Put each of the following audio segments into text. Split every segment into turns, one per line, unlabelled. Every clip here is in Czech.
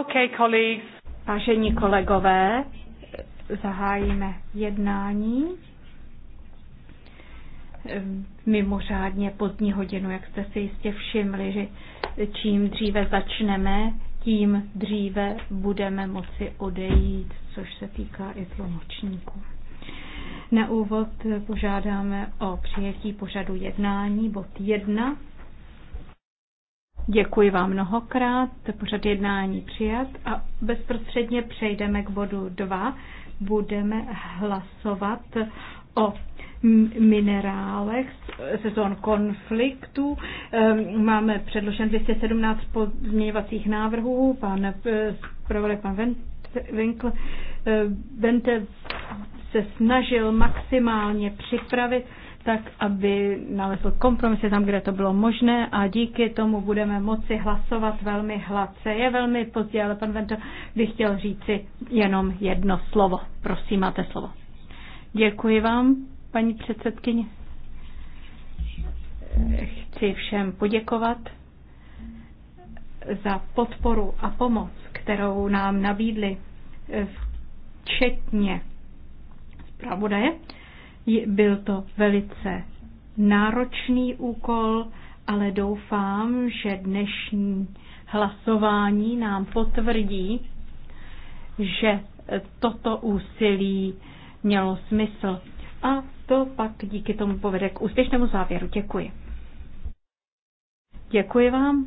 Okay, colleagues. Vážení kolegové, zahájíme jednání mimořádně pozdní hodinu, jak jste si jistě všimli, že čím dříve začneme, tím dříve budeme moci odejít, což se týká i tlumočníků. Na úvod požádáme o přijetí pořadu jednání, bod 1 Děkuji vám mnohokrát, pořad jednání přijat a bezprostředně přejdeme k bodu 2. Budeme hlasovat o minerálech sezon konfliktu. Ehm, máme předložen 217 pozměňovacích návrhů. Pan eh, zpravodaj, pan Winkl, eh, Vente se snažil maximálně připravit tak aby nalezl kompromisy tam, kde to bylo možné a díky tomu budeme moci hlasovat velmi hladce. Je velmi pozdě, ale pan Vento by chtěl říci jenom jedno slovo. Prosím, máte slovo. Děkuji vám, paní předsedkyně. Chci všem poděkovat za podporu a pomoc, kterou nám nabídli, včetně zpravodaje. Byl to velice náročný úkol, ale doufám, že dnešní hlasování nám potvrdí, že toto úsilí mělo smysl. A to pak díky tomu povede k úspěšnému závěru. Děkuji. Děkuji vám.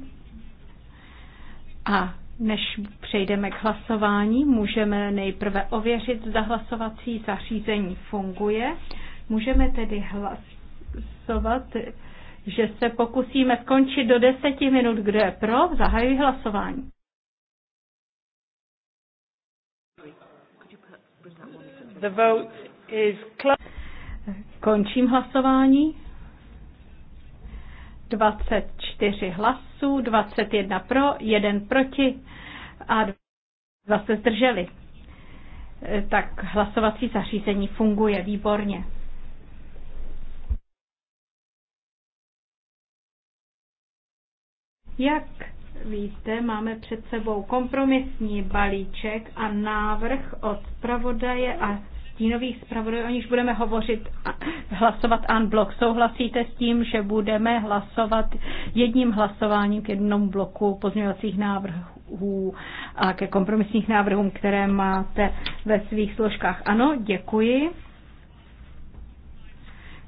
A než přejdeme k hlasování, můžeme nejprve ověřit, zda hlasovací zařízení funguje. Můžeme tedy hlasovat, že se pokusíme skončit do deseti minut. Kdo je pro? Zahajuji hlasování. The vote is Končím hlasování. 24 hlasů, 21 pro, 1 proti a zase zdrželi. Tak hlasovací zařízení funguje výborně. Jak víte, máme před sebou kompromisní balíček a návrh od zpravodaje a stínových zpravodajů, o nichž budeme hovořit, hlasovat an blok. Souhlasíte s tím, že budeme hlasovat jedním hlasováním k jednomu bloku pozměňovacích návrhů a ke kompromisních návrhům, které máte ve svých složkách? Ano, děkuji.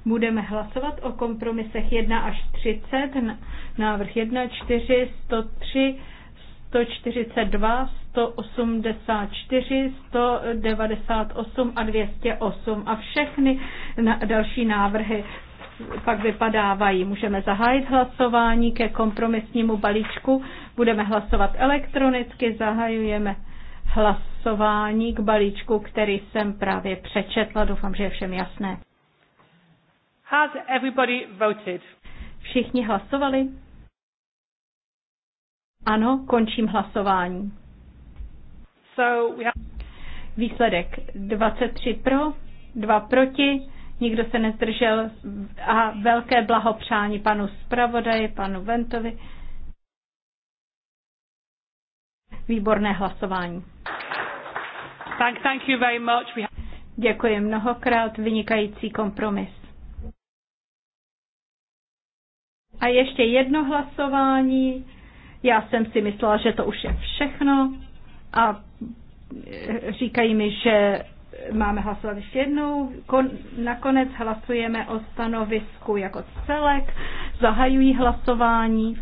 Budeme hlasovat o kompromisech 1 až 30, návrh 1, 4, 103, 142, 184, 198 a 208 a všechny na další návrhy pak vypadávají. Můžeme zahájit hlasování ke kompromisnímu balíčku. Budeme hlasovat elektronicky, zahajujeme hlasování k balíčku, který jsem právě přečetla. Doufám, že je všem jasné. Has everybody voted? Všichni hlasovali? Ano, končím hlasování. So we have... Výsledek 23 pro, 2 proti, nikdo se nezdržel a velké blahopřání panu zpravodaji, panu Ventovi. Výborné hlasování. Thank, thank you very much. We have... Děkuji mnohokrát, vynikající kompromis. A ještě jedno hlasování. Já jsem si myslela, že to už je všechno a e, říkají mi, že máme hlasovat ještě jednou. Kon, nakonec hlasujeme o stanovisku jako celek. Zahajují hlasování.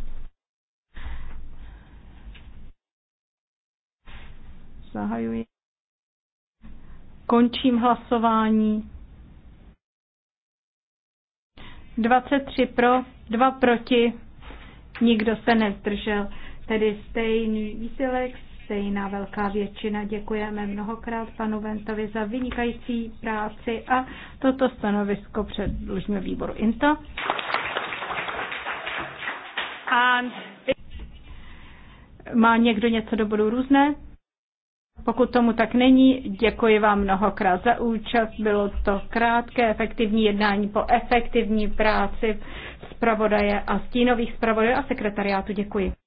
Zahajuji. Končím hlasování. 23 pro, 2 proti, nikdo se nezdržel. Tedy stejný výsilek, stejná velká většina. Děkujeme mnohokrát panu Ventovi za vynikající práci a toto stanovisko předložíme výboru INTO. And... Má někdo něco do bodu různé? Pokud tomu tak není, děkuji vám mnohokrát za účast. Bylo to krátké, efektivní jednání po efektivní práci zpravodaje a stínových zpravodajů a sekretariátu. Děkuji.